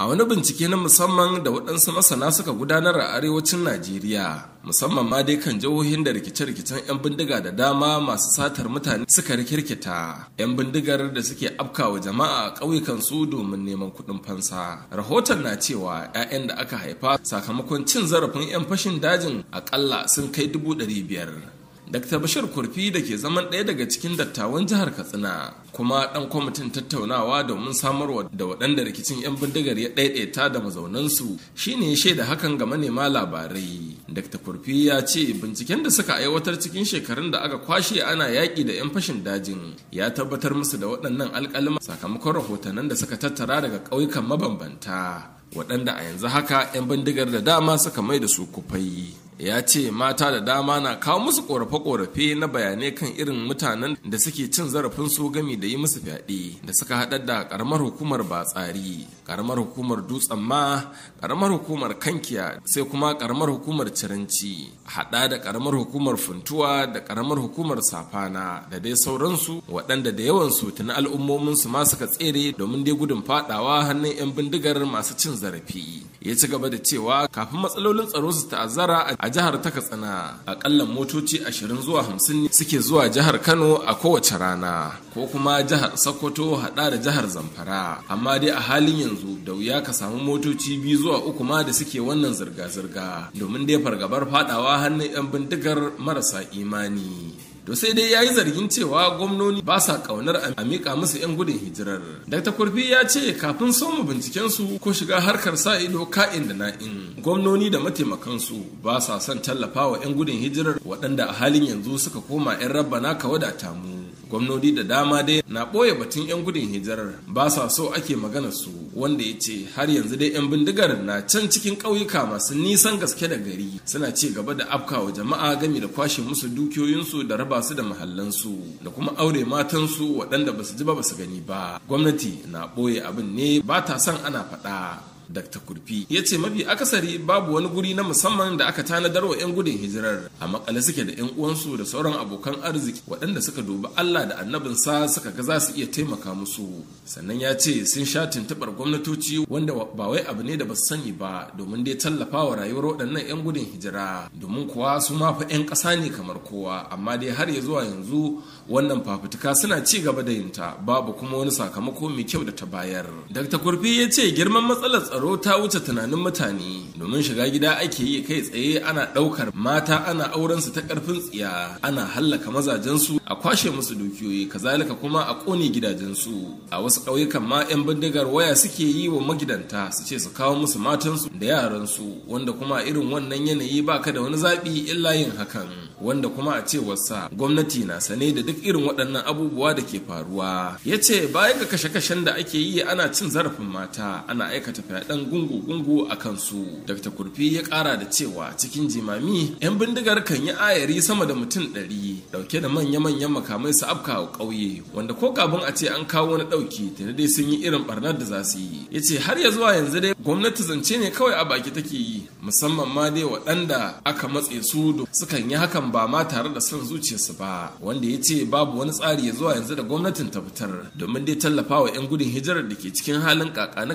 a wani bincike na musamman da waɗansu masana suka gudanar a arewacin najeriya musamman ma dai kan jihohin da rikice-rikicen 'yan bindiga da dama masu satar mutane suka rikirkita 'yan bindigar da suke afkawa jama'a a ƙauyukansu domin neman kuɗin fansa rahoton na cewa 'ya'yan da aka haifa sakamakon cin zarafin 'yan fashin dajin aƙalla sun kai dubu ɗari biyar Dr. Bashir Kurfi da ke zaman ɗaya daga cikin dattawan jihar Katsina kuma ɗan kwamitin tattaunawa domin samarwa da waɗanda rikicin 'yan bindigar ya ɗaiɗaita da mazaunansu shine ya shaida hakan ga manema labarai. Dr. Kurfi ya ce binciken da suka aiwatar cikin shekarun da aka kwashe ana yaƙi da 'yan fashin dajin ya tabbatar musu da waɗannan alƙalima sakamakon rahotannin da suka tattara daga ƙauyukan mabambanta waɗanda a yanzu haka 'yan bindigar da dama suka mai da su kufai. ya ce mata da dama na kawo musu korafe-korafe na bayanai kan irin mutanen da suke cin zarafin su gami da yi musu fyaɗe da suka haɗar da ƙaramar hukumar batsari ƙaramar hukumar dutsen ma ƙaramar hukumar kankiya sai kuma ƙaramar hukumar ciranci haɗa da ƙaramar hukumar funtuwa da ƙaramar hukumar safana da dai sauransu waɗanda da yawan su tuni al'ummomin su ma suka tsere domin dai gudun faɗawa hannun 'yan bindigar masu cin zarafi ya ci gaba da cewa kafin matsalolin tsaro su ta'azzara a jihar ta katsina akalla motoci ashirin zuwa hamsin ne suke zuwa jihar kano a kowace rana ko kuma jihar sokoto hada da jihar zamfara amma dai a halin yanzu da wuya ka samu motoci biyu zuwa uku ma da suke wannan zirga-zirga domin dai fargabar fadawa hannun 'yan bindigar marasa imani To sai dai ya yi zargin cewa gwamnoni ba sa ƙaunar a miƙa musu 'yan gudun hijirar. Dr. Kurfi ya ce kafin soma su ko shiga harkar sa ido ka'in da na'in. Gwamnoni da mataimakan su ba sa son tallafa wa 'yan gudun hijirar waɗanda a halin yanzu suka koma 'yan rabba na ka wadata mu. gwamnoni da dama dai na ɓoye batun 'yan gudun hijirar ba sa so ake magana su wanda ya ce har yanzu dai 'yan bindigar na can cikin ƙauyuka masu nisan gaske da gari suna ci gaba da afkawa jama'a gami da kwashe musu dukiyoyinsu da raba su da mahallansu da kuma aure matansu waɗanda ba su ji ba ba su gani ba gwamnati na ɓoye abin ne ba ta son ana faɗa Dr. Kurfi ya ce mafi akasari babu wani guri na musamman da aka tanadar wa 'yan gudun hijirar a makale suke da 'yan uwansu da sauran abokan arziki waɗanda suka dubi Allah da annabin sa suka ga za su iya taimaka musu sannan ya ce sun sha tuntuɓar gwamnatoci wanda ba wai abu ne da ba su sani ba domin dai tallafa wa rayuwar waɗannan 'yan gudun hijira domin kuwa su ma fa 'yan ƙasa ne kamar kowa amma dai har ya zuwa yanzu wannan fafutuka suna ci gaba da yinta babu kuma wani sakamako mai kyau da ta bayar. Dr. Kurfi ya ce girman matsalar tsaro ta wuce tunanin mutane domin shiga gida ake yi kai tsaye ana ɗaukar mata ana auren su ta ƙarfin tsiya ana hallaka su a kwashe musu dukiyoyi kazalika kuma a ƙone su. a wasu ƙauyukan ma 'yan bindigar waya suke yi wa magidanta su ce su kawo musu matansu da yaransu wanda kuma irin wannan yanayi baka da wani zaɓi illa yin hakan wanda kuma a cewarsa gwamnati na sane da duk irin waɗannan abubuwa da ke faruwa ya ce baya ga kashe-kashen da ake yi ana cin zarafin mata ana aikata fyaɗe ɗan gungu-gungu a kansu dr kurfi ya kara da cewa cikin jimami 'yan bindigar kan yi ayari sama da mutum ɗari ɗauke da manya-manyan makamai su afka a ƙauye wanda ko kafin a ce an kawo wani ɗauki tuni dai sun yi irin ɓarnar da za su yi ya ce har ya zuwa yanzu dai gwamnati zance ne kawai a baki take yi musamman ma dai waɗanda aka matse su sukan yi hakan ba ma tare da son zuciyarsu ba wanda ya ce babu wani tsari ya zuwa yanzu da gwamnatin ta fitar domin dai tallafa wa 'yan gudun hijirar da ke cikin halin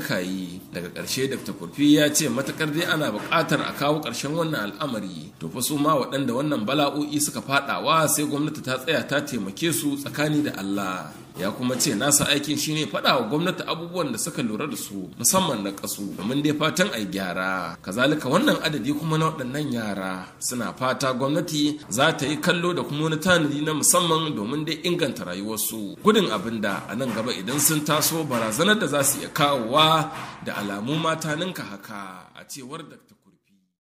kayi daga karshe dr kurfi ya ce matakar dai ana buƙatar a kawo ƙarshen wannan al'amari to fa su ma waɗanda wannan bala'o'i suka faɗawa sai gwamnati ta tsaya ta taimake su tsakani da allah ya kuma ce nasa aikin shine faɗa wa gwamnati abubuwan da suka lura da su musamman na kasu domin dai fatan a gyara kazalika wannan adadi kuma na waɗannan yara suna fata gwamnati za ta yi kallo da kuma wani tanadi na musamman domin dai inganta rayuwarsu gudun abin da a nan gaba idan sun taso barazanar da za su iya kawowa da alamu mata ninka haka a cewar da